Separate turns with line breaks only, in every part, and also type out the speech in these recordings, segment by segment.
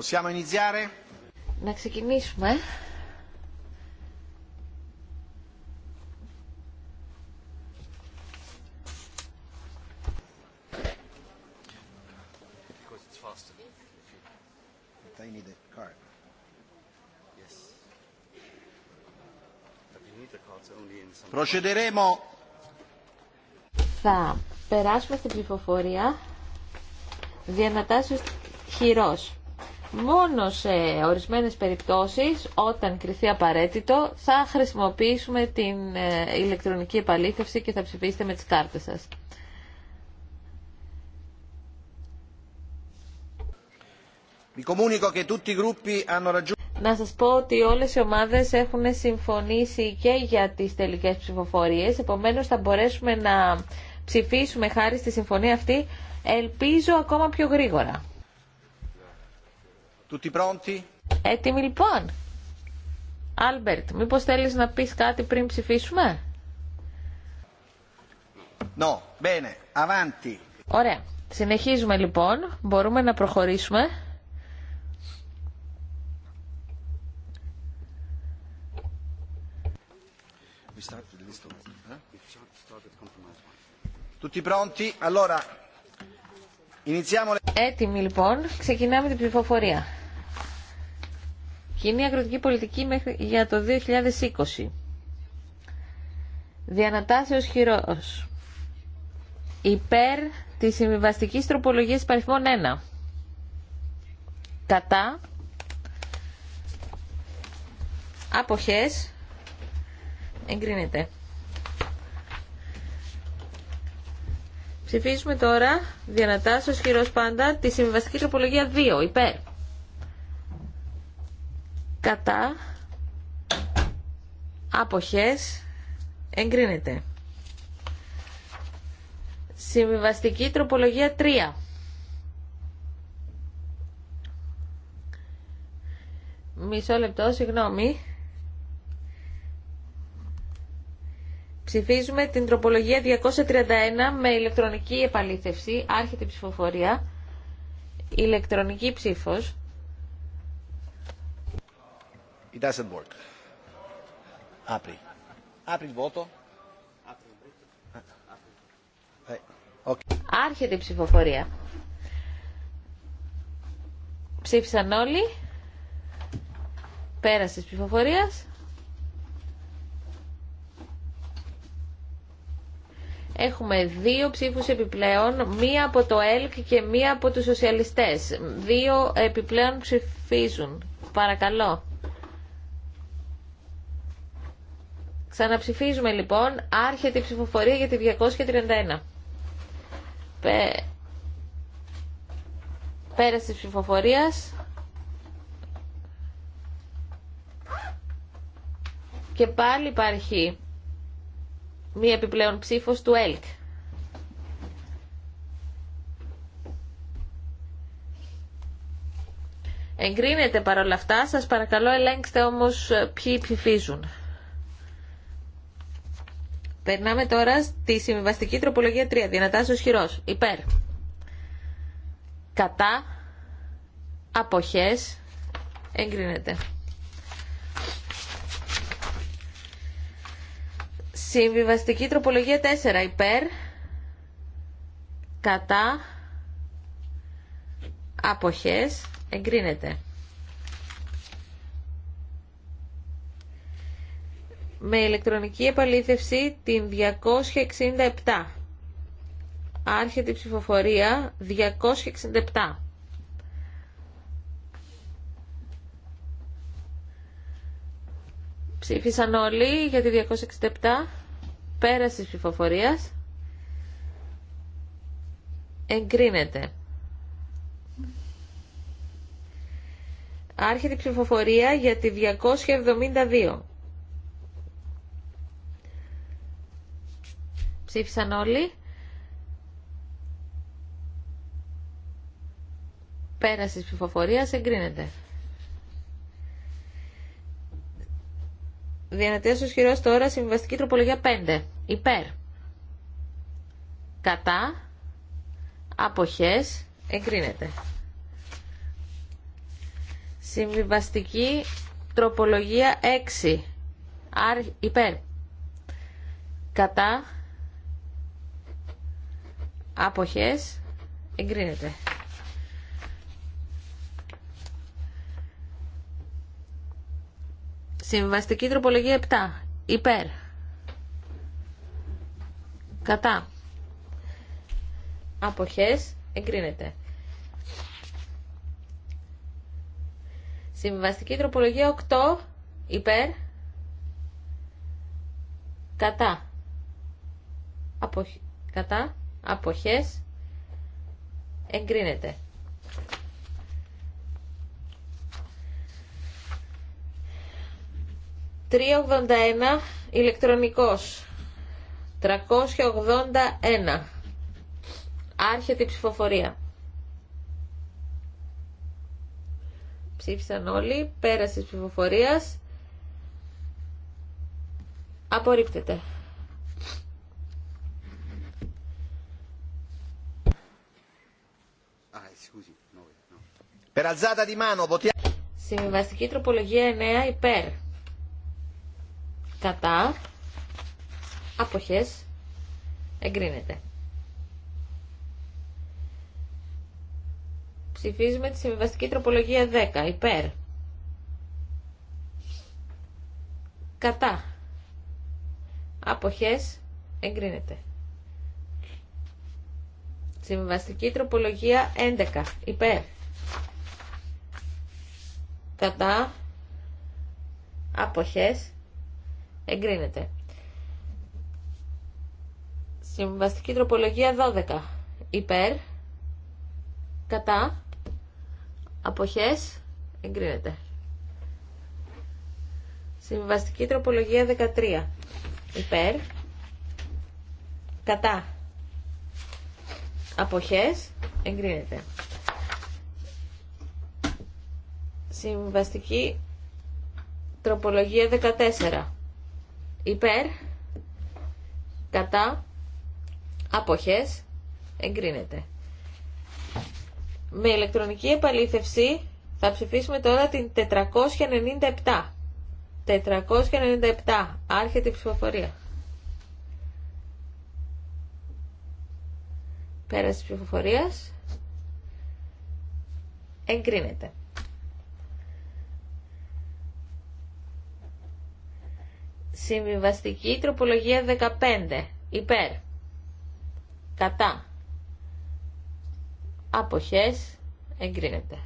Possiamo iniziare?
Να ξεκινήσουμε. Θα περάσουμε στην ψηφοφορία διανατάσσεως χειρός μόνο σε ορισμένες περιπτώσεις, όταν κριθεί απαραίτητο, θα χρησιμοποιήσουμε την ε, ηλεκτρονική επαλήθευση και θα ψηφίσετε με τις κάρτες σας. Να σας πω ότι όλες οι ομάδες έχουν συμφωνήσει και για τις τελικές ψηφοφορίες, επομένως θα μπορέσουμε να ψηφίσουμε χάρη στη συμφωνία αυτή, ελπίζω ακόμα πιο γρήγορα. Έτοιμοι λοιπόν. Άλμπερτ, μήπως θέλεις να πεις κάτι πριν ψηφίσουμε?
No, bene, avanti.
Ωραία. Συνεχίζουμε λοιπόν. Μπορούμε να προχωρήσουμε.
Tutti pronti? Allora, iniziamo...
Έτοιμοι λοιπόν. Ξεκινάμε την ψηφοφορία. Κοινή αγροτική πολιτική για το 2020. Διανατάσεως χειρός. Υπέρ της συμβιβαστικής τροπολογίας παριθμών 1. Κατά. Αποχές. Εγκρίνεται. Ψηφίζουμε τώρα, διανατάσσεως χειρός πάντα, τη συμβιβαστική τροπολογία 2. Υπέρ κατά αποχές εγκρίνεται. Συμβιβαστική τροπολογία 3. Μισό λεπτό, συγγνώμη. Ψηφίζουμε την τροπολογία 231 με ηλεκτρονική επαλήθευση. Άρχεται ψηφοφορία. Ηλεκτρονική ψήφος.
It doesn't work. Apri. Apri voto. Eh.
Άρχεται η ψηφοφορία. Ψήφισαν όλοι. Πέρασε τη ψηφοφορία. Έχουμε δύο ψήφους επιπλέον, μία από το ΕΛΚ και μία από τους σοσιαλιστές. Δύο επιπλέον ψηφίζουν. Παρακαλώ. Ξαναψηφίζουμε λοιπόν. Άρχεται η ψηφοφορία για τη 231. Πε... Πέρασε ψηφοφορία. ψηφοφορία. και πάλι υπάρχει μία επιπλέον ψήφος του ΕΛΚ. Εγκρίνεται παρόλα αυτά, σας παρακαλώ ελέγξτε όμως ποιοι ψηφίζουν. Περνάμε τώρα στη συμβιβαστική τροπολογία 3. Δυνατά χειρό. Υπέρ. Κατά. Αποχές. Εγκρίνεται. Συμβιβαστική τροπολογία 4. Υπέρ. Κατά. Αποχές. Εγκρίνεται. με ηλεκτρονική επαλήθευση την 267. Άρχεται η ψηφοφορία 267. Ψήφισαν όλοι για τη 267 πέραση της ψηφοφορίας. Εγκρίνεται. Άρχεται η ψηφοφορία για τη 272. Ψήφισαν όλοι. Πέραση της ψηφοφορίας εγκρίνεται. Διανατέσεις ο χειρός τώρα συμβιβαστική τροπολογία 5. Υπέρ. Κατά. Αποχές. Εγκρίνεται. Συμβιβαστική τροπολογία 6. υπέρ. Κατά. Αποχές. Εγκρίνεται. Συμβαστική τροπολογία 7. Υπέρ. Κατά. Αποχές. Εγκρίνεται. Συμβαστική τροπολογία 8. Υπέρ. Κατά. Αποχ... Κατά αποχές εγκρίνεται. «381 ηλεκτρονικός». «381». Άρχεται η ψηφοφορία. Ψήφισαν όλοι. Πέραση ψηφοφορίας. Απορρίπτεται. Συμβιβαστική τροπολογία 9 υπέρ. Κατά. Αποχές. Εγκρίνεται. Ψηφίζουμε τη συμβιβαστική τροπολογία 10 υπέρ. Κατά. Αποχές. Εγκρίνεται. Συμβαστική τροπολογία 11. Υπέρ. Κατά. Αποχές. Εγκρίνεται. Συμβαστική τροπολογία 12. Υπέρ. Κατά. Αποχές. Εγκρίνεται. Συμβαστική τροπολογία 13. Υπέρ. Κατά. Αποχές. Εγκρίνεται. Συμβαστική τροπολογία 14. Υπέρ. Κατά. Αποχές. Εγκρίνεται. Με ηλεκτρονική επαλήθευση θα ψηφίσουμε τώρα την 497. 497. Άρχεται η ψηφοφορία. Πέρας της ψηφοφορίας. Εγκρίνεται. Συμβιβαστική τροπολογία 15. Υπέρ. Κατά. Αποχές. Εγκρίνεται.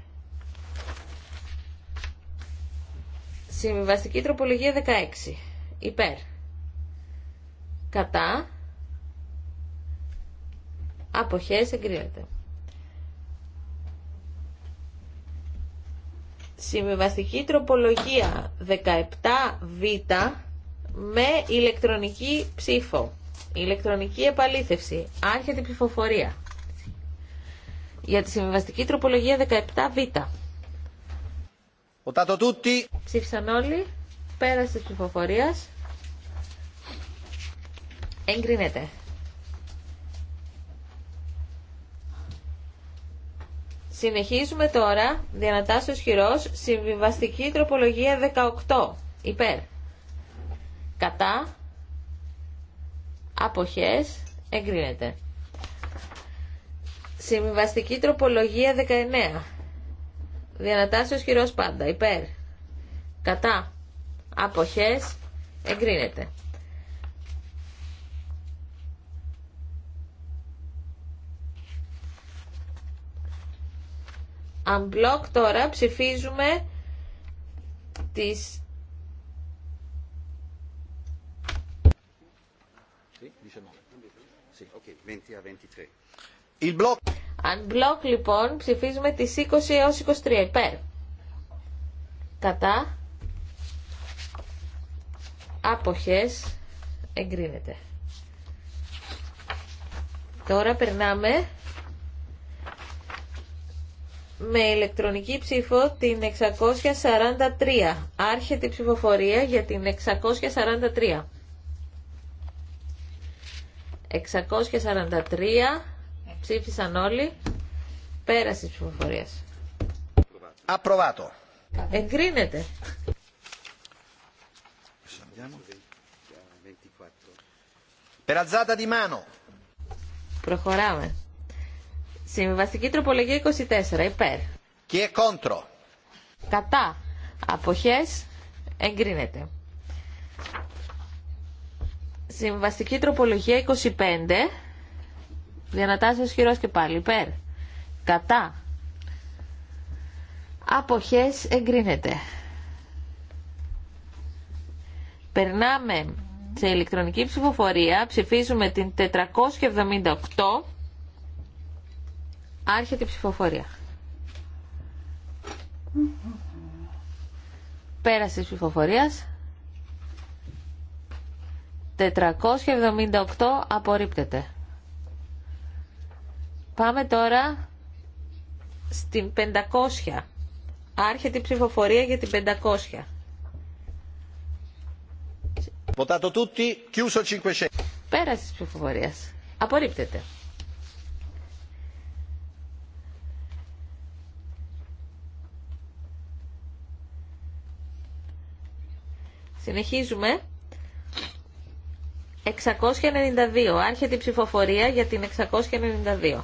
Συμβιβαστική τροπολογία 16. Υπέρ. Κατά. Αποχές εγκρίνεται. Συμβιβαστική τροπολογία 17β με ηλεκτρονική ψήφο. Ηλεκτρονική επαλήθευση. Άρχεται η ψηφοφορία. Για τη συμβιβαστική τροπολογία 17β. Ψήφισαν όλοι. Πέρασε τη ψηφοφορία. Εγκρίνεται. Συνεχίζουμε τώρα, διανατάσσεως χειρός, συμβιβαστική τροπολογία 18, υπέρ. Κατά, αποχές, εγκρίνεται. Συμβιβαστική τροπολογία 19, διανατάσσεως χειρός πάντα, υπέρ. Κατά, αποχές, εγκρίνεται. Unblock τώρα ψηφίζουμε τις... Unblock λοιπόν ψηφίζουμε τις 20 έως 23 υπέρ. Κατά. Άποχες. Εγκρίνεται. Τώρα περνάμε με ηλεκτρονική ψήφο την 643. Άρχεται η ψηφοφορία για την 643. 643 ψήφισαν όλοι. Πέραση ψηφοφορία.
Απροβάτο. Εγκρίνεται. Περατζάτα τη
Προχωράμε. Συμβαστική τροπολογία 24. Υπέρ.
Και κόντρο.
Κατά. Αποχές. Εγκρίνεται. Συμβαστική τροπολογία 25. Διανατάσσεως χειρός και πάλι. Υπέρ. Κατά. Αποχές εγκρίνεται. Περνάμε σε ηλεκτρονική ψηφοφορία. Ψηφίζουμε την 478 Άρχεται η ψηφοφορία. Πέραση της ψηφοφορίας. 478 απορρίπτεται. Πάμε τώρα στην 500. Άρχεται η ψηφοφορία για την 500.
Votato tutti, chiuso 500.
Πέραση της ψηφοφορίας.
Απορρίπτεται.
Συνεχίζουμε. 692. Άρχεται η ψηφοφορία για την 692.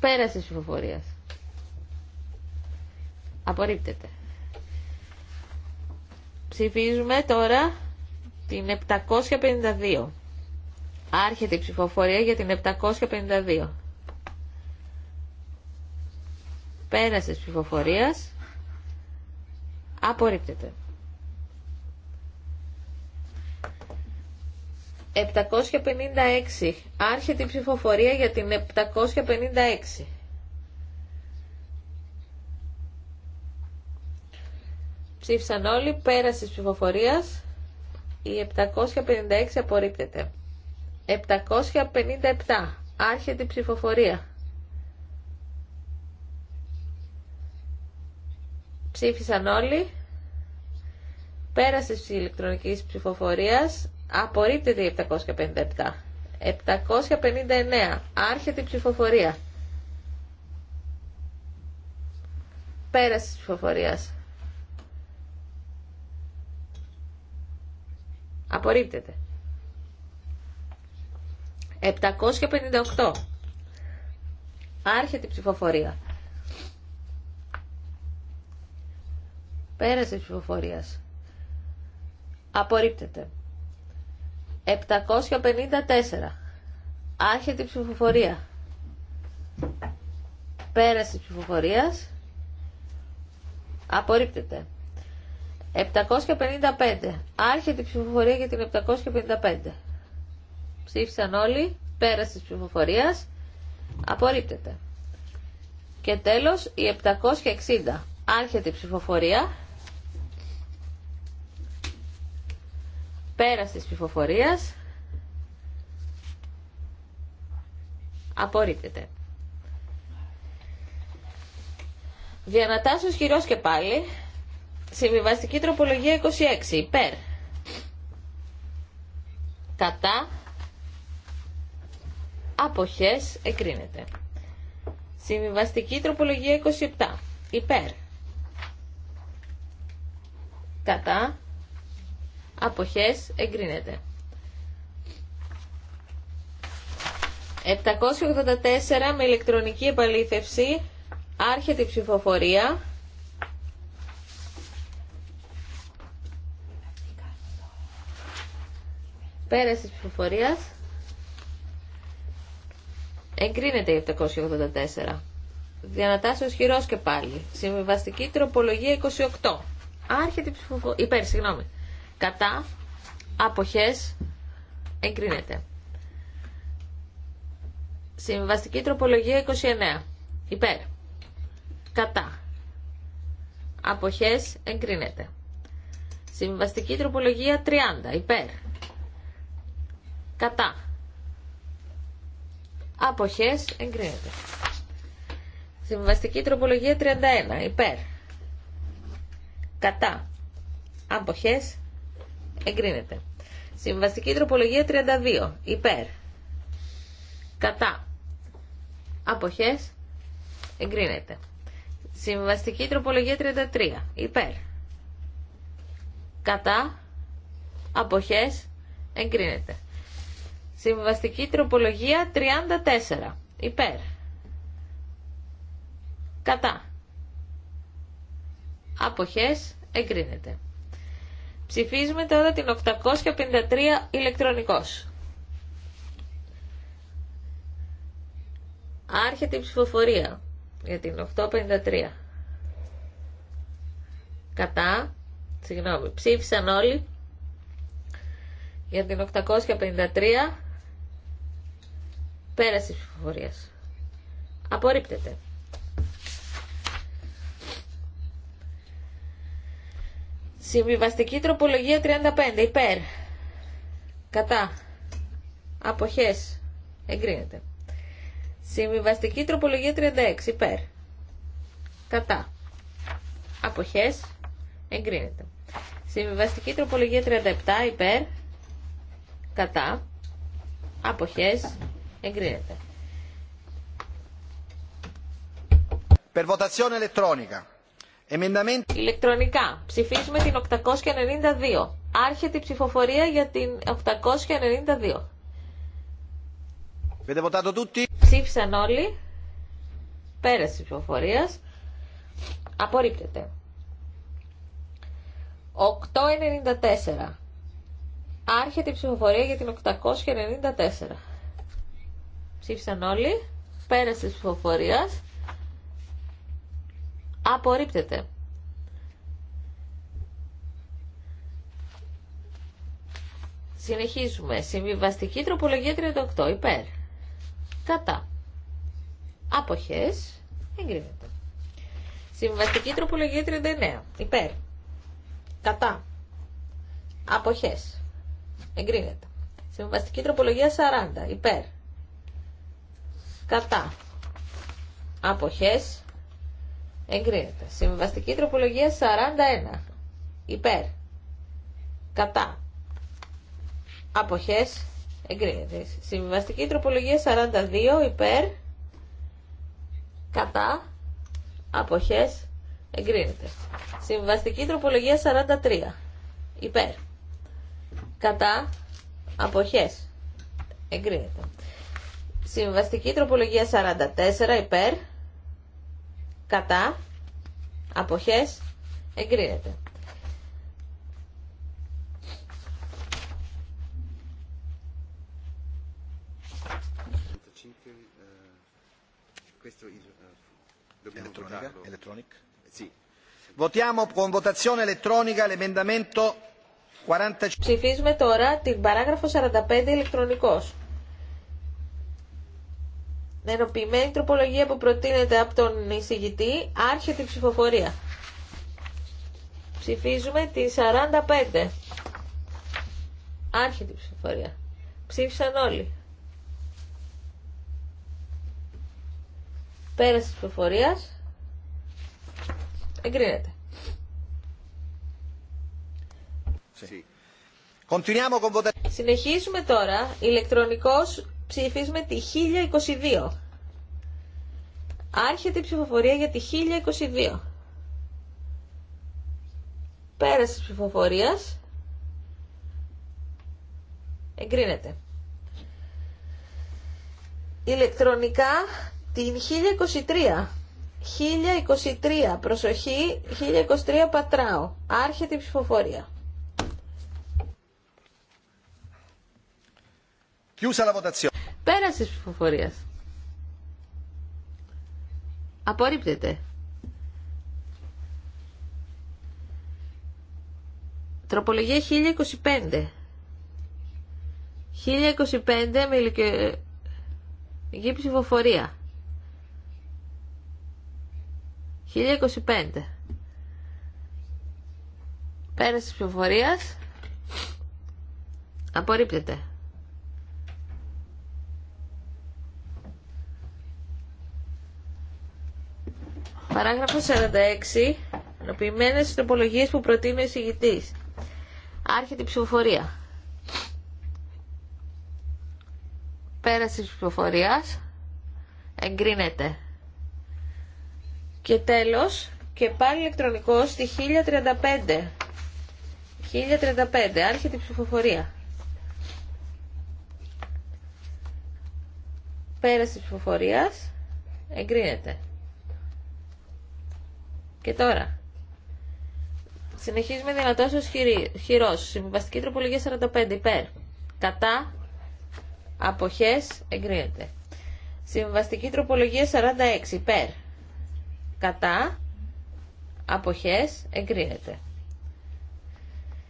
Πέρασε η ψηφοφορία. Απορρίπτεται. Ψηφίζουμε τώρα την 752. Άρχεται η ψηφοφορία για την 752. Πέρας της ψηφοφορίας. Απορρίπτεται. 756. Άρχεται η ψηφοφορία για την 756. Ψήφισαν όλοι, πέρασε της ψηφοφορίας. Η 756 απορρίπτεται. 757. Άρχεται η ψηφοφορία. Ψήφισαν όλοι. Πέρασε της ηλεκτρονικής ψηφοφορίας. Απορρίπτεται η 757. 759. Άρχεται η ψηφοφορία. Πέρασε της ψηφοφορίας. Απορρίπτεται. 758. Άρχεται η ψηφοφορία. Πέρασε της ψηφοφορίας. Απορρίπτεται. 754. Άρχεται η ψηφοφορία. Πέρασε της ψηφοφορίας. Απορρίπτεται. 755. Άρχεται η ψηφοφορία για την 755. Ψήφισαν όλοι. Πέρας της ψηφοφορίας. Απορρίπτεται. Και τέλος η 760. Άρχεται η ψηφοφορία. Πέρας της ψηφοφορίας. Απορρίπτεται. Διανατάσσεως χειρός και πάλι. Συμβιβαστική τροπολογία 26. Υπέρ. Κατά. Αποχές. Εκρίνεται. Συμβιβαστική τροπολογία 27. Υπέρ. Κατά αποχές εγκρίνεται. 784 με ηλεκτρονική επαλήθευση άρχεται η ψηφοφορία. Πέραση της ψηφοφορίας. Εγκρίνεται η 784. Διανατάσσεω χειρός και πάλι. Συμβιβαστική τροπολογία 28. Άρχεται η ψηφοφορία. Υπέρ, συγγνώμη κατά, αποχές, εγκρίνεται. Συμβαστική τροπολογία 29. Υπέρ. Κατά. Αποχές εγκρίνεται. Συμβαστική τροπολογία 30. Υπέρ. Κατά. Αποχές εγκρίνεται. Συμβαστική τροπολογία 31. Υπέρ. Κατά. Αποχές Εγκρίνεται. Συμβαστική τροπολογία 32. Υπέρ. Κατά. Αποχές. Εγκρίνεται. Συμβαστική τροπολογία 33. Υπέρ. Κατά. Αποχές. Εγκρίνεται. Συμβαστική τροπολογία 34. Υπέρ. Κατά. Αποχές. Εγκρίνεται. Ψηφίζουμε τώρα την 853 ηλεκτρονικός. Άρχεται η ψηφοφορία για την 853. Κατά, συγγνώμη, ψήφισαν όλοι για την 853 πέραση ψηφοφορίας. Απορρίπτεται. Συμβιβαστική τροπολογία 35. Υπέρ. Κατά. Αποχές. Εγκρίνεται. Συμβιβαστική τροπολογία 36. Υπέρ. Κατά. Αποχές. Εγκρίνεται. Συμβιβαστική τροπολογία 37. Υπέρ. Κατά. Αποχές. Εγκρίνεται.
Per votazione
Ηλεκτρονικά. Ψηφίσουμε την 892. Άρχεται η ψηφοφορία για την 892. Ψήφισαν όλοι. Πέρασε η ψηφοφορία. Απορρίπτεται. 894. Άρχεται η ψηφοφορία για την 894. Ψήφισαν όλοι. Πέρασε η ψηφοφορία. Απορρίπτεται. Συνεχίζουμε. Συμβιβαστική τροπολογία 38. Υπέρ. Κατά. Άποχες. Εγκρίνεται. Συμβιβαστική τροπολογία 39. Υπέρ. Κατά. Αποχές. Εγκρίνεται. Συμβαστική τροπολογία 40. Υπέρ. Κατά. Αποχές. Εγκρίνεται. Συμβαστική τροπολογία 41. Υπέρ. Κατά. Αποχές. Εγκρίνεται. Συμβαστική τροπολογία 42. Υπέρ. Κατά. Αποχές. Εγκρίνεται. Συμβαστική τροπολογία 43. Υπέρ. Κατά. Αποχές. Εγκρίνεται. Συμβαστική τροπολογία 44. Υπέρ κατά, αποχές, εγκρίνεται. Ψηφίζουμε τώρα την παράγραφο 45 ηλεκτρονικός ενοποιημένη τροπολογία που προτείνεται από τον εισηγητή άρχεται η ψηφοφορία. Ψηφίζουμε τη 45. Άρχεται η ψηφοφορία. Ψήφισαν όλοι. Πέραση τη ψηφοφορίας. Εγκρίνεται. Συνεχίζουμε τώρα ηλεκτρονικός ψηφίζουμε τη 1022. Άρχεται η ψηφοφορία για τη 1022. Πέραση της ψηφοφορίας. Εγκρίνεται. Ηλεκτρονικά την 1023. 1023, προσοχή, 1023 πατράω. Άρχεται η ψηφοφορία. Chiusa la votazione. Πέρασε τη ψηφοφορία. Απορρίπτεται. Τροπολογία 1025. 1025 με ηλικιωτική ψηφοφορία. 1025. Πέραση τη ψηφοφορία. Απορρίπτεται. Παράγραφος 46. Ενοποιημένες τροπολογίες που προτείνει ο εισηγητής. Άρχεται η ψηφοφορία. Πέραση της ψηφοφορίας. Εγκρίνεται. Και τέλος, και πάλι ηλεκτρονικό στη 1035. 1035, άρχεται η ψηφοφορία. Πέραση της ψηφοφορίας. Εγκρίνεται. Και τώρα. Συνεχίζουμε δυνατό ω χειρός. Συμβαστική τροπολογία 45 υπέρ. Κατά. Αποχές. Εγκρίνεται. Συμβαστική τροπολογία 46 υπέρ. Κατά. Αποχές. Εγκρίνεται.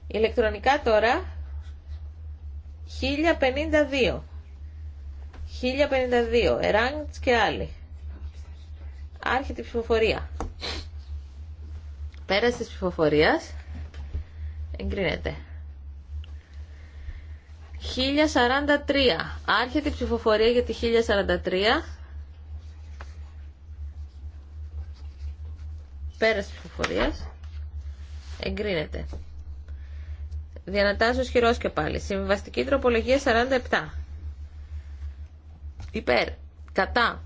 Ηλεκτρονικά τώρα. 1052. 1052. Εράντς και άλλοι. Άρχεται η ψηφοφορία. Πέρασε τη ψηφοφορία, εγκρίνεται. 1043. Άρχεται η ψηφοφορία για τη 1043. Πέρασε τη ψηφοφορία. εγκρίνεται. Διανατάσσεω χειρό και πάλι. Συμβιβαστική τροπολογία 47. Υπέρ. Κατά.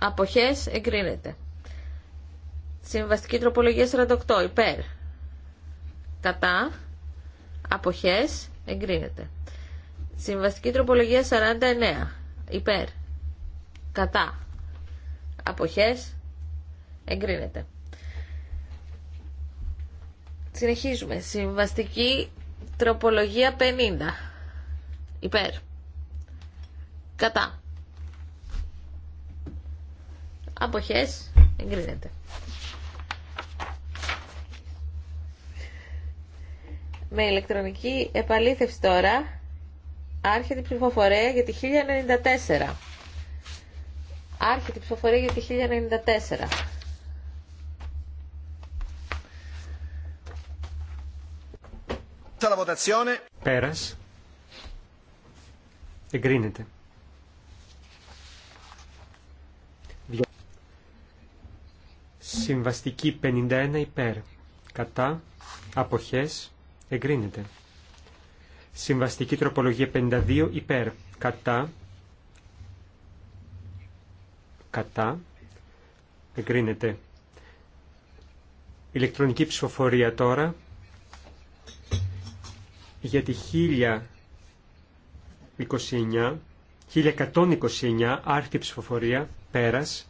Αποχές εγκρίνεται. Συμβαστική τροπολογία 48. Υπέρ. Κατά. Αποχές. Εγκρίνεται. Συμβαστική τροπολογία 49. Υπέρ. Κατά. Αποχές. Εγκρίνεται. Συνεχίζουμε. Συμβαστική τροπολογία 50. Υπέρ. Κατά. Αποχές. Εγκρίνεται. με ηλεκτρονική επαλήθευση τώρα άρχεται η ψηφοφορία για τη 1094. Άρχεται η ψηφοφορία για τη 1094.
Πέρας. Εγκρίνεται. Συμβαστική 51 υπέρ. Κατά. Αποχές εγκρίνεται. Συμβαστική τροπολογία 52 υπέρ κατά κατά εγκρίνεται. Ηλεκτρονική ψηφοφορία τώρα για τη 1029, 1129 άρχιτη ψηφοφορία πέρας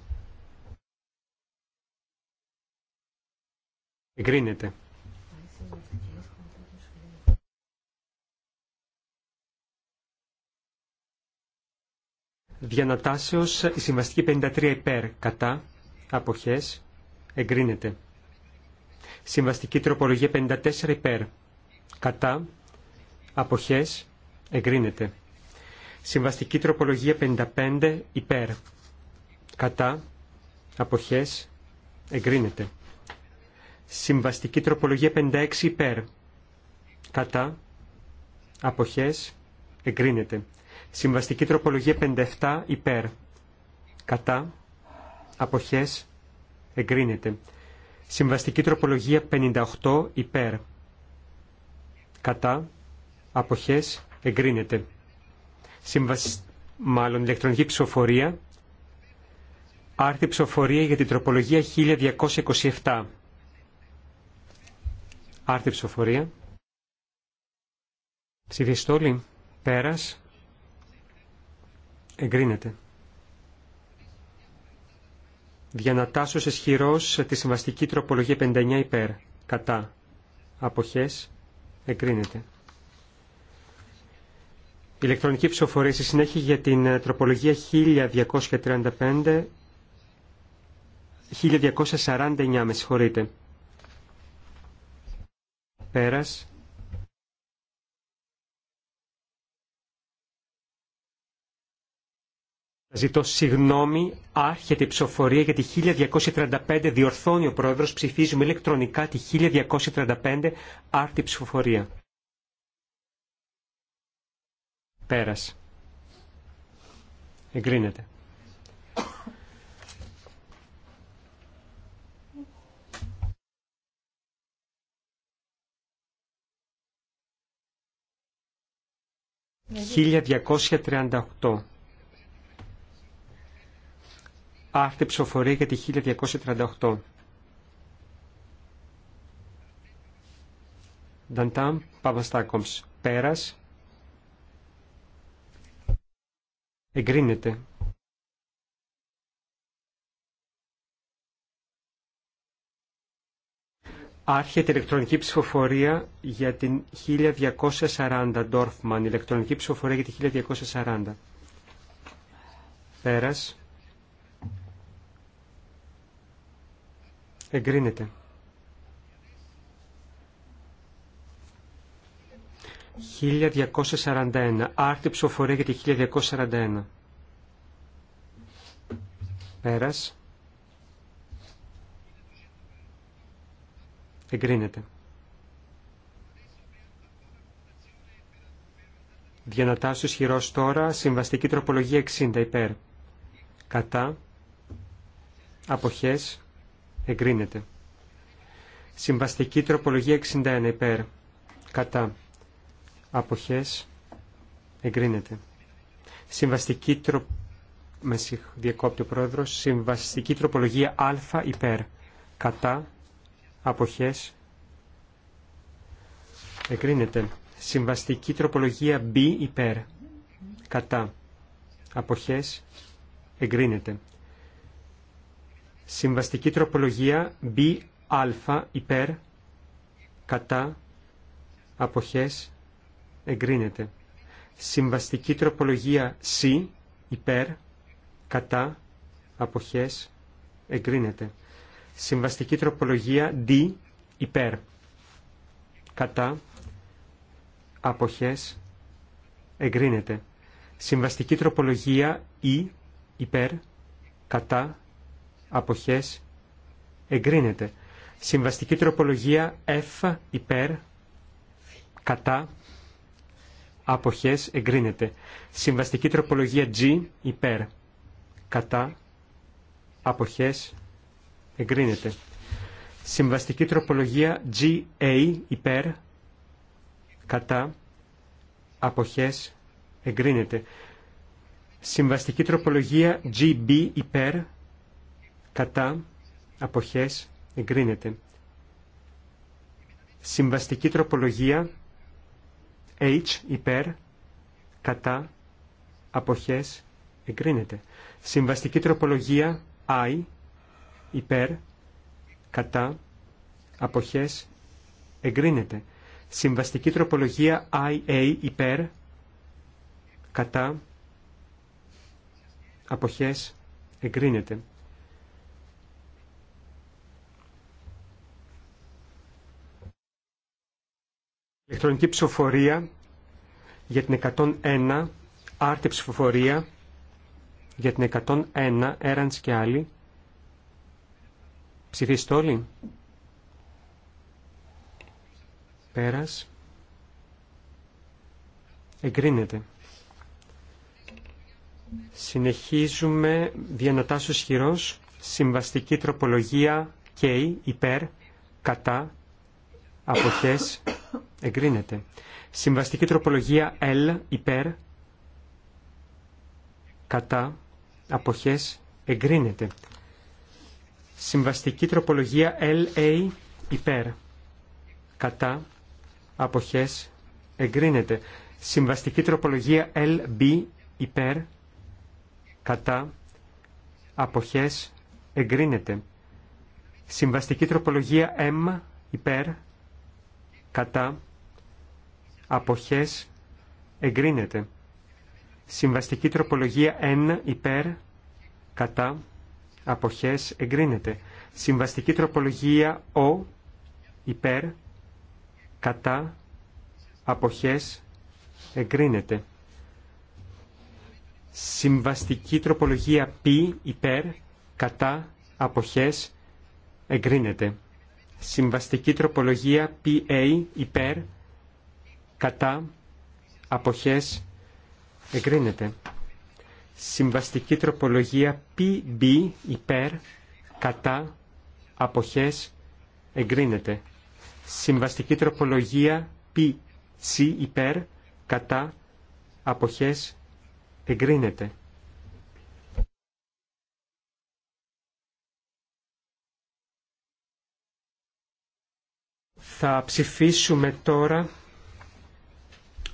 εγκρίνεται. Διανατάσεως η συμβαστική 53 υπέρ κατά αποχές εγκρίνεται. Συμβαστική τροπολογία 54 υπέρ κατά αποχές εγκρίνεται. Συμβαστική τροπολογία 55 υπέρ κατά αποχές εγκρίνεται. Συμβαστική τροπολογία 56 υπέρ κατά αποχές εγκρίνεται. Συμβαστική τροπολογία 57 υπέρ. Κατά. Αποχές. Εγκρίνεται. Συμβαστική τροπολογία 58 υπέρ. Κατά. Αποχές. Εγκρίνεται. Συμβασ... Μάλλον ηλεκτρονική ψηφοφορία. Άρθρη ψηφοφορία για την τροπολογία 1227. Άρθρη ψηφοφορία. Ψηφιστόλη. Πέρας εγκρίνεται. Διανατάσσος ισχυρός τη συμβαστική τροπολογία 59 υπέρ. Κατά. Αποχές. Εγκρίνεται. Ηλεκτρονική ψηφοφορία στη συνέχεια για την ε, τροπολογία 1235. 1249 με συγχωρείτε. Πέρας. Ζητώ συγγνώμη, άρχεται η ψηφοφορία για τη 1235, διορθώνει ο πρόεδρος, ψηφίζουμε ηλεκτρονικά τη 1235, άρτη ψηφοφορία. Πέρας. Εγκρίνεται. «1238». Ναι, ναι. Άρχεται ψηφοφορία για τη 1238. Δαντάμ, Παπαστάκομς, πέρας. Εγκρίνεται. Άρχεται ηλεκτρονική ψηφοφορία για την 1240 Ντόρφμαν. Ηλεκτρονική ψηφοφορία για τη 1240. Πέρας. Εγκρίνεται. «1241». Άρτη ψηφοφορία για τη 1241. Πέρας. Εγκρίνεται. Διανατάσσου χειρό τώρα, συμβαστική τροπολογία 60 υπέρ. Κατά. Αποχές εγκρίνεται. Συμβαστική τροπολογία 61 υπέρ κατά αποχές εγκρίνεται. Συμβαστική τρο... πρόεδρος. Συμβαστική τροπολογία α υπέρ κατά αποχές εγκρίνεται. Συμβαστική τροπολογία β υπέρ κατά αποχές εγκρίνεται. Συμβαστική τροπολογία Bα υπέρ κατά αποχές εγκρίνεται. Συμβαστική τροπολογία C υπέρ κατά αποχές εγκρίνεται. Συμβαστική τροπολογία D υπέρ κατά αποχές εγκρίνεται. Συμβαστική τροπολογία E υπέρ κατά αποχές, εγκρίνεται. Συμβαστική τροπολογία F υπέρ, κατά, αποχές, εγκρίνεται. Συμβαστική τροπολογία G υπέρ, κατά, αποχές, εγκρίνεται. Συμβαστική τροπολογία GA υπέρ, κατά, αποχές, εγκρίνεται. Συμβαστική τροπολογία GB υπέρ, κατά, αποχές, εγκρίνεται. Συμβαστική τροπολογία H υπέρ, κατά, αποχές, εγκρίνεται. Συμβαστική τροπολογία I υπέρ, κατά, αποχές, εγκρίνεται. Συμβαστική τροπολογία IA υπέρ, κατά, αποχές, εγκρίνεται. Ηλεκτρονική ψηφοφορία για την 101, άρτη ψηφοφορία για την 101, έραντς και άλλοι. Ψηφίστε όλοι. Πέρας. Εγκρίνεται. Συνεχίζουμε διανατάσσος χειρός, συμβαστική τροπολογία και υπέρ, κατά, αποχές, εγκρίνεται. Συμβαστική τροπολογία L υπέρ κατά αποχές εγκρίνεται. Συμβαστική τροπολογία LA υπέρ κατά αποχές εγκρίνεται. Συμβαστική τροπολογία LB υπέρ κατά αποχές εγκρίνεται. Συμβαστική τροπολογία M υπέρ κατά αποχές εγκρίνεται. Συμβαστική τροπολογία 1 υπέρ κατά αποχές εγκρίνεται. Συμβαστική τροπολογία ο υπέρ κατά αποχές εγκρίνεται. Συμβαστική τροπολογία π υπέρ κατά αποχές εγκρίνεται. Συμβαστική τροπολογία PA ε, υπέρ κατά, αποχές, εγκρίνεται. Συμβαστική τροπολογία PB υπέρ, κατά, αποχές, εγκρίνεται. Συμβαστική τροπολογία PC υπέρ, κατά, αποχές, εγκρίνεται. Θα ψηφίσουμε τώρα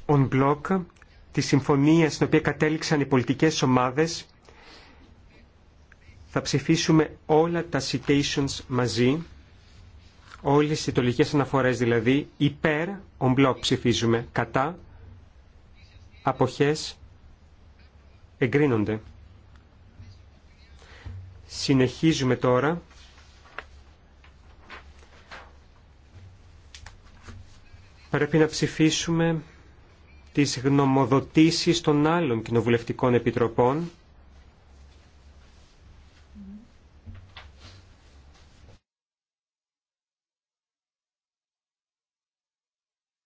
on bloc τη συμφωνία στην οποία κατέληξαν οι πολιτικές ομάδες. Θα ψηφίσουμε όλα τα citations μαζί, όλες οι τολικές αναφορές δηλαδή, υπέρ on block ψηφίζουμε, κατά, αποχές, εγκρίνονται. Συνεχίζουμε τώρα. Πρέπει να ψηφίσουμε τις γνωμοδοτήσεις των άλλων κοινοβουλευτικών επιτροπών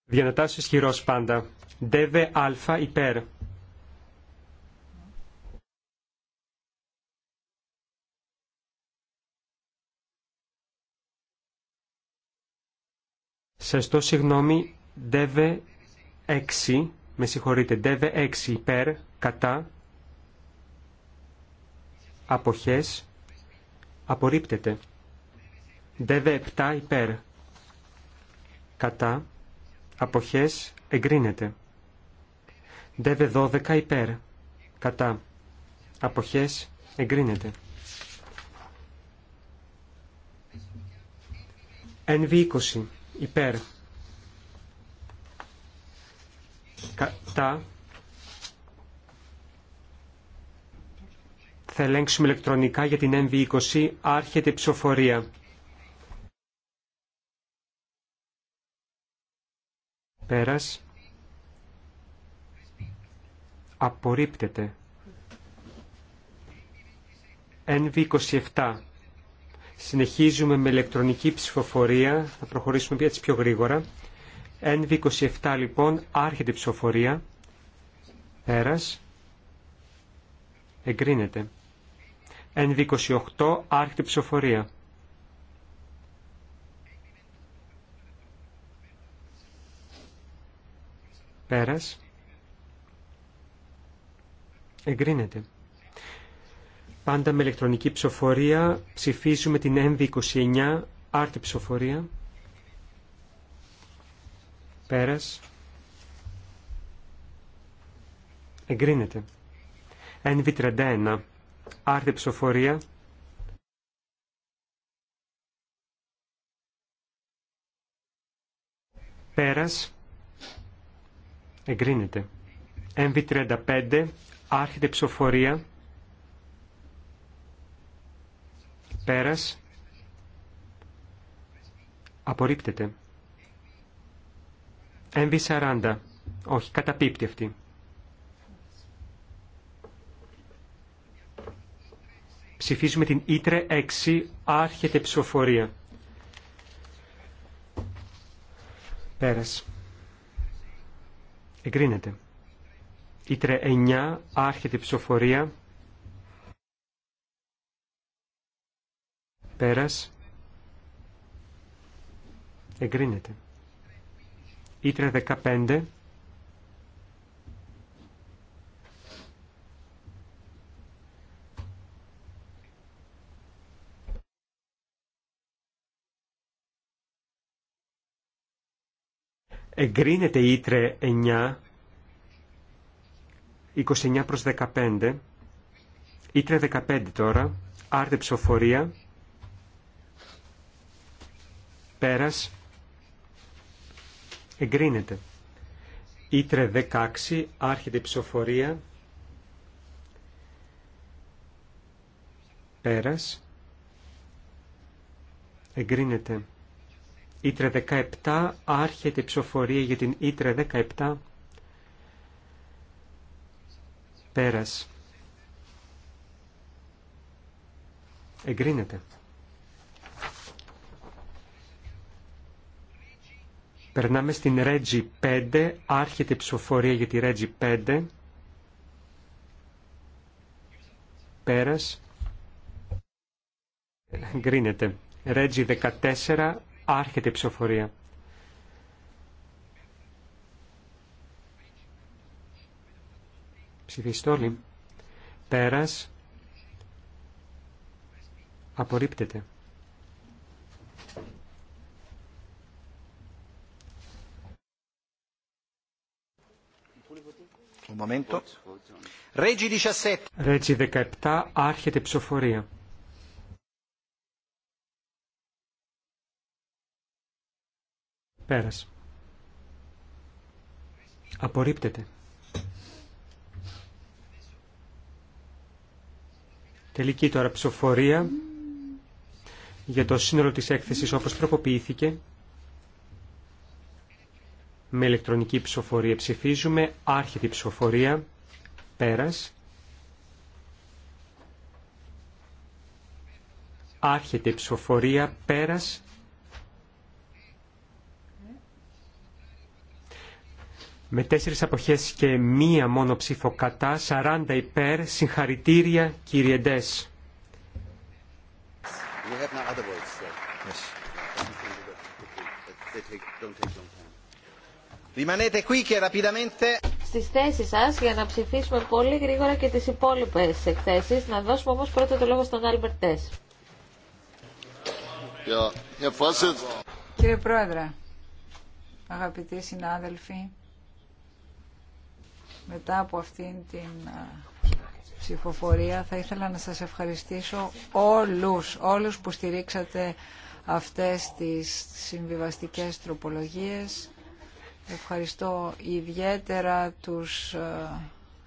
Διανατάσεις ισχυρό πάντα. Δεβε αλφα υπέρ. Σε συγγνώμη, δεβε έξι με συγχωρείτε, ΔΕΒΕ 6 υπέρ, κατά, αποχές, απορρίπτεται. ΔΕΒΕ 7 υπέρ, κατά, αποχές, εγκρίνεται. ΔΕΒΕ 12 υπέρ, κατά, αποχές, εγκρίνεται. NV20 υπέρ, Κατά. Θα ελέγξουμε ηλεκτρονικά για την MV20. Άρχεται η ψηφοφορία. Πέρας. Απορρίπτεται. NV27. Συνεχίζουμε με ηλεκτρονική ψηφοφορία. Θα προχωρήσουμε πια πιο γρήγορα. NV27 λοιπόν, άρχεται η ψηφοφορία. Πέρας. Εγκρίνεται. NV28, άρχεται η ψηφοφορία. Πέρας. Εγκρίνεται. Πάντα με ηλεκτρονική ψηφοφορία ψηφίζουμε την NV29, άρτη ψηφοφορία. Πέρας. Εγκρίνεται. NV31. Άρτη ψοφορία. Πέρας. εγκρινεται nv MV35. Άρχεται ψοφορία. Πέρας. Απορρίπτεται. MV40. Όχι, καταπίπτει αυτή. Ψηφίζουμε την Ήτρε 6, άρχεται ψηφοφορία. Πέρας. Εγκρίνεται. Ήτρε 9, άρχεται ψηφοφορία. Πέρας. Εγκρίνεται. Ήτρε 15. Εγκρίνεται η Ήτρε 9. 29 προς 15. Ήτρε 15 τώρα. Άρτε ψηφοφορία. Πέρας. Εγκρίνεται. Ήτρε 16. Άρχεται η ψηφοφορία. Πέρας. Εγκρίνεται. Ήτρε 17. Άρχεται η ψηφοφορία για την Ήτρε 17. Πέρας. Εγκρίνεται. Περνάμε στην Regi 5. Άρχεται η ψηφοφορία για τη Regi 5. Πέρας. Γκρίνεται. Regi 14. Άρχεται η ψηφοφορία. Ψηφίστε όλοι. Πέρας. Απορρίπτεται. Ρέτζι 17. Άρχεται ψηφοφορία. Πέρας. Απορρίπτεται. Τελική τώρα ψηφοφορία για το σύνολο της έκθεσης όπως τροποποιήθηκε με ηλεκτρονική ψηφοφορία. Ψηφίζουμε η ψηφοφορία, πέρας. Άρχεται η ψηφοφορία, πέρας. Με τέσσερις αποχές και μία μόνο ψήφο κατά, 40 υπέρ, συγχαρητήρια κύριε Ντές.
Rimanete qui che
Στις θέσεις σας για να ψηφίσουμε πολύ γρήγορα και τι υπόλοιπε εκθέσει. Να δώσουμε
όμω πρώτα το λόγο στον Άλμπερτ Τέσ. Κύριε Πρόεδρε, αγαπητοί συνάδελφοι, μετά από αυτήν την ψηφοφορία θα ήθελα να σας ευχαριστήσω όλους, όλους που στηρίξατε αυτές τις συμβιβαστικές τροπολογίες Ευχαριστώ ιδιαίτερα τους ε,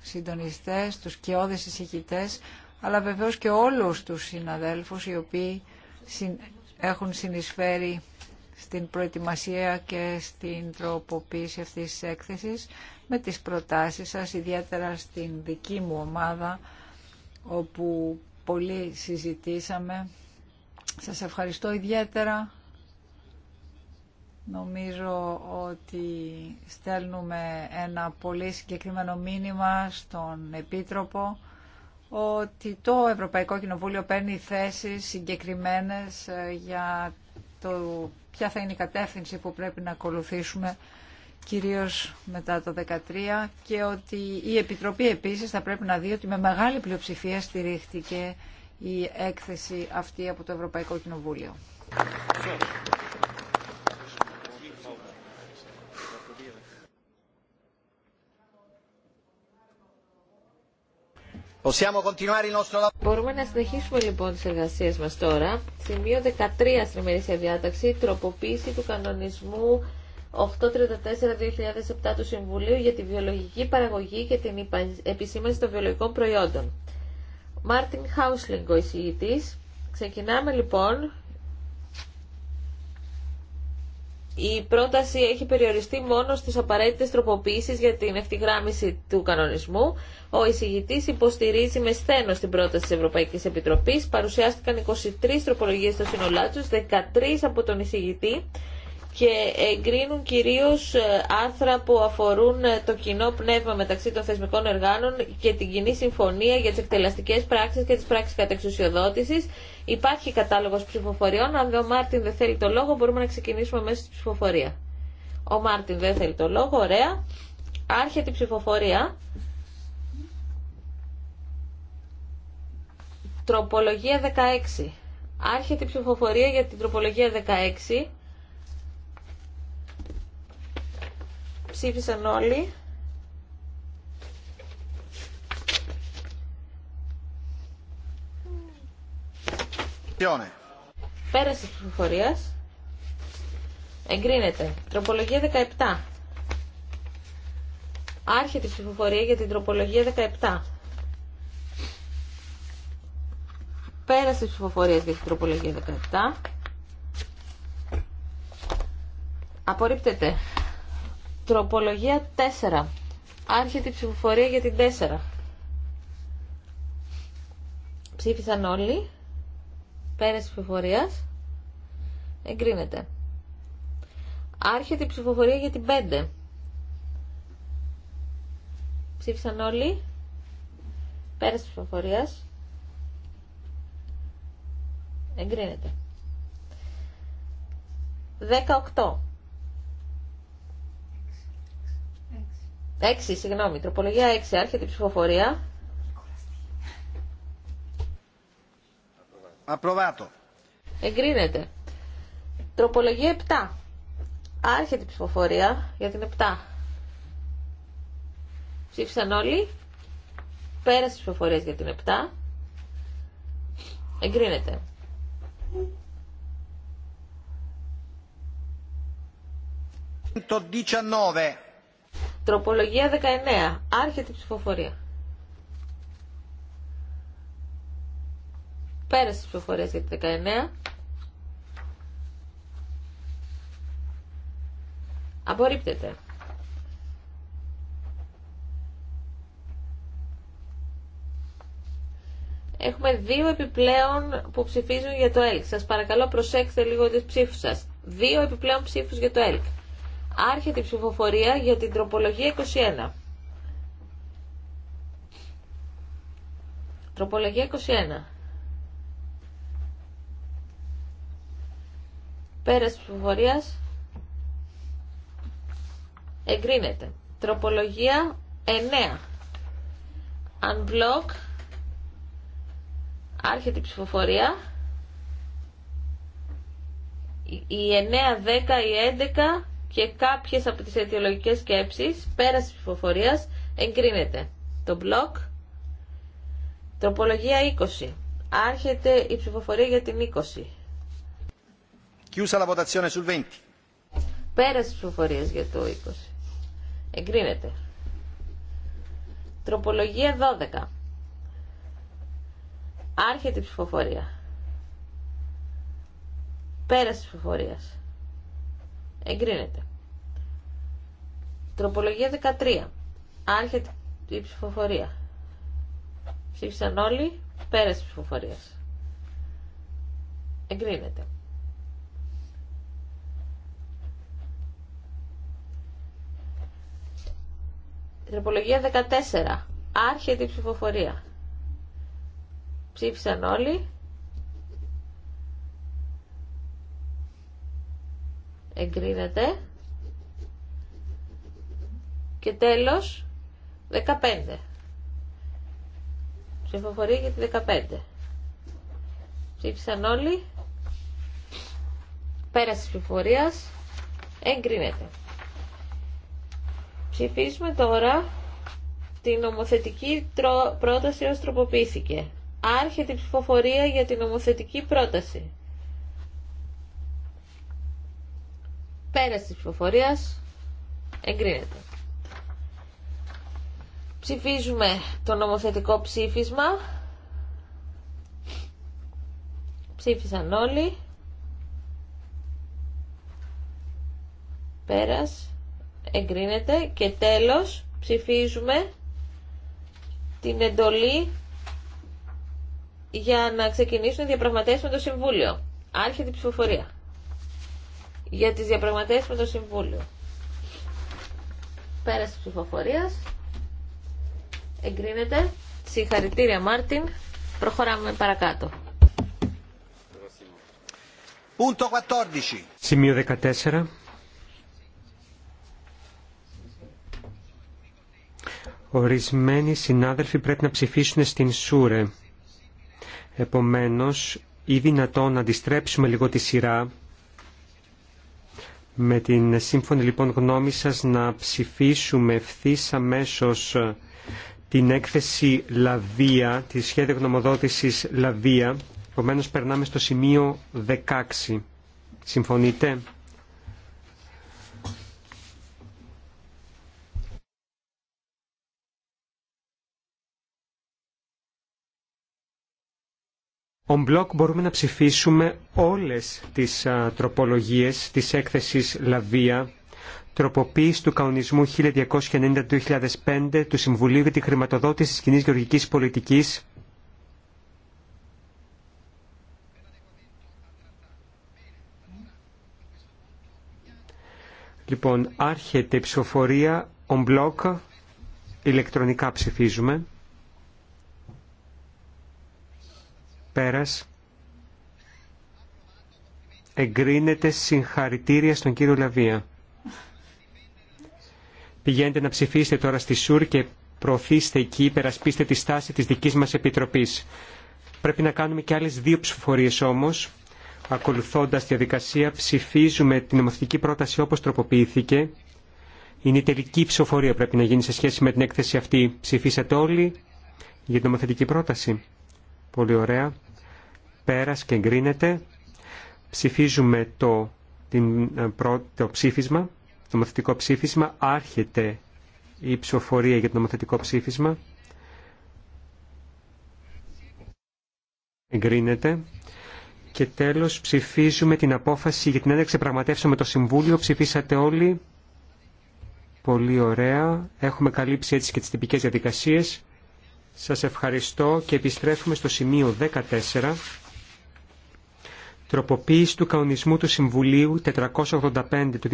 συντονιστές, τους κοιόδες εισηγητές, αλλά βεβαίως και όλους τους συναδέλφους οι οποίοι έχουν συνεισφέρει στην προετοιμασία και στην τροποποίηση αυτής της έκθεσης με τις προτάσεις σας, ιδιαίτερα στην δική μου ομάδα, όπου πολύ συζητήσαμε. Σας ευχαριστώ ιδιαίτερα Νομίζω ότι στέλνουμε ένα πολύ συγκεκριμένο μήνυμα στον Επίτροπο ότι το Ευρωπαϊκό Κοινοβούλιο παίρνει θέσεις συγκεκριμένες ε, για το ποια θα είναι η κατεύθυνση που πρέπει να ακολουθήσουμε κυρίως μετά το 2013 και ότι η Επιτροπή επίσης θα πρέπει να δει ότι με μεγάλη πλειοψηφία στηρίχτηκε η έκθεση αυτή από το Ευρωπαϊκό Κοινοβούλιο. Μπορούμε
να συνεχίσουμε λοιπόν τις εργασίες μας τώρα. Σημείο 13 στην ημερήσια διάταξη, τροποποίηση του κανονισμού 834-2007 του Συμβουλίου για τη βιολογική παραγωγή και την επισήμανση των βιολογικών προϊόντων. Μάρτιν Χάουσλινγκ ο εισηγητής. Ξεκινάμε λοιπόν η πρόταση έχει περιοριστεί μόνο στι απαραίτητες τροποποίησεις για την ευθυγράμμιση του κανονισμού. Ο εισηγητή υποστηρίζει με σθένο την πρόταση τη Ευρωπαϊκής Επιτροπής. Παρουσιάστηκαν 23 τροπολογίες στο σύνολά 13 από τον εισηγητή και εγκρίνουν κυρίως ε, άρθρα που αφορούν ε, το κοινό πνεύμα μεταξύ των θεσμικών εργάνων και την κοινή συμφωνία για τις εκτελεστικές πράξεις και τις πράξεις κατεξουσιοδότησης. Υπάρχει κατάλογος ψηφοφοριών. Αν ο Μάρτιν δεν θέλει το λόγο μπορούμε να ξεκινήσουμε μέσα στη ψηφοφορία. Ο Μάρτιν δεν θέλει το λόγο. Ωραία. Άρχεται η ψηφοφορία. Τροπολογία 16. Άρχεται η ψηφοφορία για την τροπολογία 16. Ψήφισαν όλοι. Πέρασε της ψηφοφορία. Εγκρίνεται. Τροπολογία 17. Άρχεται η ψηφοφορία για την τροπολογία 17. Πέρασε της για την τροπολογία 17. Απορρίπτεται. Τροπολογία 4. Άρχεται η ψηφοφορία για την 4. Ψήφισαν όλοι. Πέρας της Εγκρίνεται. Άρχεται η ψηφοφορία για την 5. Ψήφισαν όλοι. Πέρας της Εγκρίνεται. 18. 6, συγγνώμη, τροπολογία 6, άρχεται η ψηφοφορία.
Απροβάτο.
Εγκρίνεται. Τροπολογία 7. Άρχεται η ψηφοφορία για την 7. Ψήφισαν όλοι. Πέρασε τις ψηφοφορία για την 7. Εγκρίνεται.
Το 19.
Τροπολογία 19. Άρχεται η ψηφοφορία. Πέρασε τις ψηφοφορίες για τη 19. Απορρίπτεται. Έχουμε δύο επιπλέον που ψηφίζουν για το ΕΛΚ. Σας παρακαλώ προσέξτε λίγο τις ψήφους σας. Δύο επιπλέον ψήφους για το ΕΛΚ. Άρχεται η ψηφοφορία για την τροπολογία 21. Τροπολογία 21. Πέρας της ψηφοφορίας εγκρίνεται. Τροπολογία 9. Unblock. Άρχεται η ψηφοφορία. Η 9, 10, η 11 και κάποιες από τις αιτιολογικές σκέψει πέρας της ψηφοφορίας εγκρίνεται. Το μπλοκ τροπολογία 20. Άρχεται η ψηφοφορία για την 20.
Chiusa la votazione sul 20.
Πέρας της ψηφοφορίας για το 20. Εγκρίνεται. Τροπολογία 12. Άρχεται η ψηφοφορία. Πέρας της ψηφοφορίας. Εγκρίνεται. Τροπολογία 13. Άρχεται η ψηφοφορία. Ψήφισαν όλοι. τη ψηφοφορία. Εγκρίνεται. Τροπολογία 14. Άρχεται η ψηφοφορία. Ψήφισαν όλοι. εγκρίνεται. Και τέλος, 15. Ψηφοφορία για τη 15. Ψήφισαν όλοι. Πέραση της ψηφοφορίας. Εγκρίνεται. Ψηφίσουμε τώρα την νομοθετική πρόταση ως τροποποιήθηκε. Άρχεται η ψηφοφορία για την νομοθετική πρόταση. Πέρας της ψηφοφορίας εγκρίνεται. Ψηφίζουμε το νομοθετικό ψήφισμα. Ψήφισαν όλοι. Πέρας εγκρίνεται και τέλος ψηφίζουμε την εντολή για να ξεκινήσουν οι διαπραγματεύσεις με το Συμβούλιο. Άρχεται η ψηφοφορία για τις διαπραγματεύσεις με το Συμβούλιο. Πέραση της ψηφοφορίας. Εγκρίνεται. Συγχαρητήρια Μάρτιν. Προχωράμε
παρακάτω. Σημείο 14. Ορισμένοι συνάδελφοι πρέπει να ψηφίσουν στην ΣΟΥΡΕ. Επομένως, ή δυνατόν να αντιστρέψουμε λίγο τη σειρά με την σύμφωνη λοιπόν γνώμη σας να ψηφίσουμε ευθύ αμέσω ε, την έκθεση Λαβία, τη σχέδιο γνωμοδότησης Λαβία. Επομένω περνάμε στο σημείο 16. Συμφωνείτε. On block μπορούμε να ψηφίσουμε όλες τις α, τροπολογίες της έκθεσης Λαβία, τροποποίηση του κανονισμού 1290-2005 του Συμβουλίου για τη χρηματοδότηση της κοινής γεωργικής πολιτικής, Λοιπόν, άρχεται η ψηφοφορία on block, ηλεκτρονικά ψηφίζουμε. Πέρας. Εγκρίνεται συγχαρητήρια στον κύριο Λαβία. Πηγαίνετε να ψηφίσετε τώρα στη ΣΟΥΡ και προωθήστε εκεί, περασπίστε τη στάση της δικής μας Επιτροπής. Πρέπει να κάνουμε και άλλες δύο ψηφοφορίες όμως. Ακολουθώντας τη διαδικασία ψηφίζουμε την νομοθετική πρόταση όπως τροποποιήθηκε. Είναι η τελική ψηφοφορία πρέπει να γίνει σε σχέση με την έκθεση αυτή. Ψηφίσατε όλοι για την νομοθετική πρόταση. Πολύ ωραία πέρας και εγκρίνεται. Ψηφίζουμε το, την, ε, το ψήφισμα, το νομοθετικό ψήφισμα. Άρχεται η ψηφοφορία για το νομοθετικό ψήφισμα. Εγκρίνεται. Και τέλος ψηφίζουμε την απόφαση για την ένταξη πραγματεύσεων με το Συμβούλιο. Ψηφίσατε όλοι. Πολύ ωραία. Έχουμε καλύψει έτσι και τις τυπικές διαδικασίες. Σας ευχαριστώ και επιστρέφουμε στο σημείο 14 τροποποίηση του κανονισμού του Συμβουλίου 485 του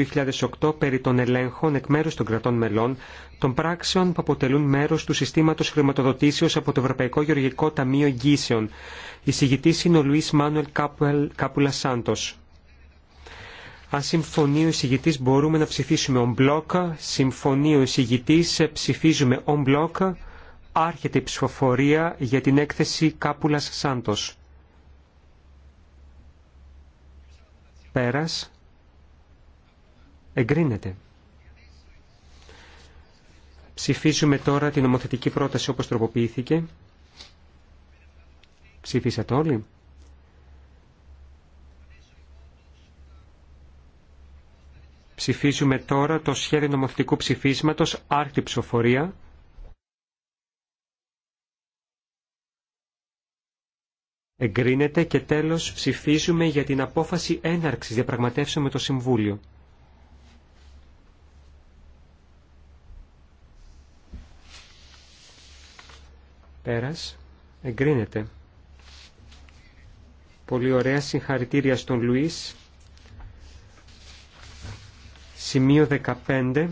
2008 περί των ελέγχων εκ μέρους των κρατών μελών των πράξεων που αποτελούν μέρος του συστήματος χρηματοδοτήσεως από το Ευρωπαϊκό Γεωργικό Ταμείο Εγγύσεων. Η συγητής είναι ο Λουίς Μάνουελ Κάπουλα Σάντος. Αν συμφωνεί ο εισηγητής μπορούμε να ψηφίσουμε on block. Συμφωνεί ο εισηγητής, ψηφίζουμε on block. Άρχεται η ψηφοφορία για την έκθεση Κάπουλας Σάντος. Πέρας. Εγκρίνεται. Ψηφίζουμε τώρα την νομοθετική πρόταση όπως τροποποιήθηκε. Ψηφίσατε όλοι. Ψηφίζουμε τώρα το σχέδιο νομοθετικού ψηφίσματος άρτη ψηφοφορία. Εγκρίνεται και τέλος ψηφίζουμε για την απόφαση έναρξης διαπραγματεύσεων με το Συμβούλιο. Πέρας. Εγκρίνεται. Πολύ ωραία συγχαρητήρια στον Λουίς. Σημείο 15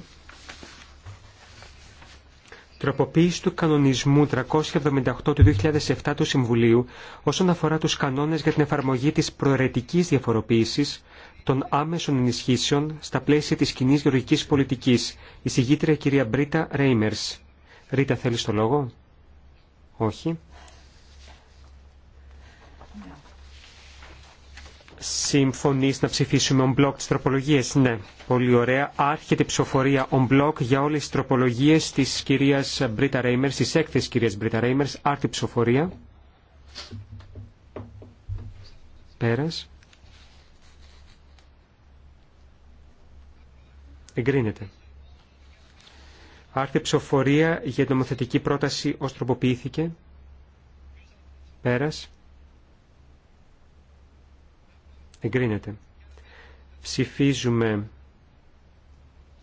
τροποποίηση του κανονισμού 378 του 2007 του Συμβουλίου όσον αφορά τους κανόνες για την εφαρμογή της προαιρετικής διαφοροποίησης των άμεσων ενισχύσεων στα πλαίσια της κοινή γεωργικής πολιτικής. Η συγγήτρια κυρία Μπρίτα Ρέιμερς. Ρίτα, θέλεις το λόγο? Όχι. Συμφωνείς να ψηφίσουμε on block τις τροπολογίες. Ναι, πολύ ωραία. Άρχεται η ψηφοφορία on block για όλες τις τροπολογίες της κυρία Μπρίτα Ρέιμερ, της έκθεση κυρίας Μπρίτα Ρέιμερς. η ψηφοφορία. Πέρας. Εγκρίνεται. η ψηφοφορία για την νομοθετική πρόταση ω τροποποιήθηκε. Πέρας. Εγκρίνεται. Ψηφίζουμε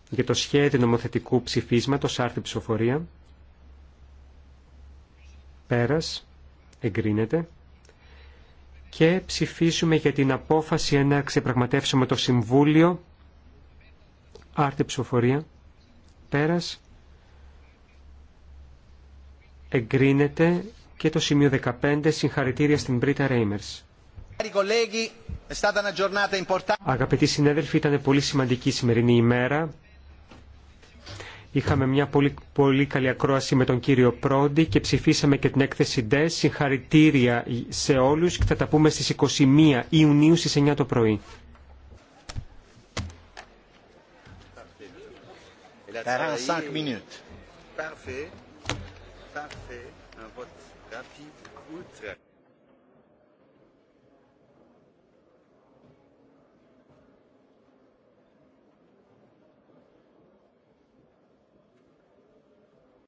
για το σχέδιο νομοθετικού ψηφίσματος άρθρη ψηφοφορία. Πέρας. Εγκρίνεται. Και ψηφίζουμε για την απόφαση να ξεπραγματεύσουμε το Συμβούλιο. Άρτη ψηφοφορία. Πέρας. Εγκρίνεται και το σημείο 15 συγχαρητήρια στην Μπρίτα Ρέιμερς. Αγαπητοί συνέδελφοι, ήταν πολύ σημαντική η σημερινή ημέρα. Είχαμε μια πολύ, καλή ακρόαση με τον κύριο Πρόντι και ψηφίσαμε και την έκθεση DES. Συγχαρητήρια σε όλους και θα τα πούμε στις 21 Ιουνίου στις 9 το πρωί.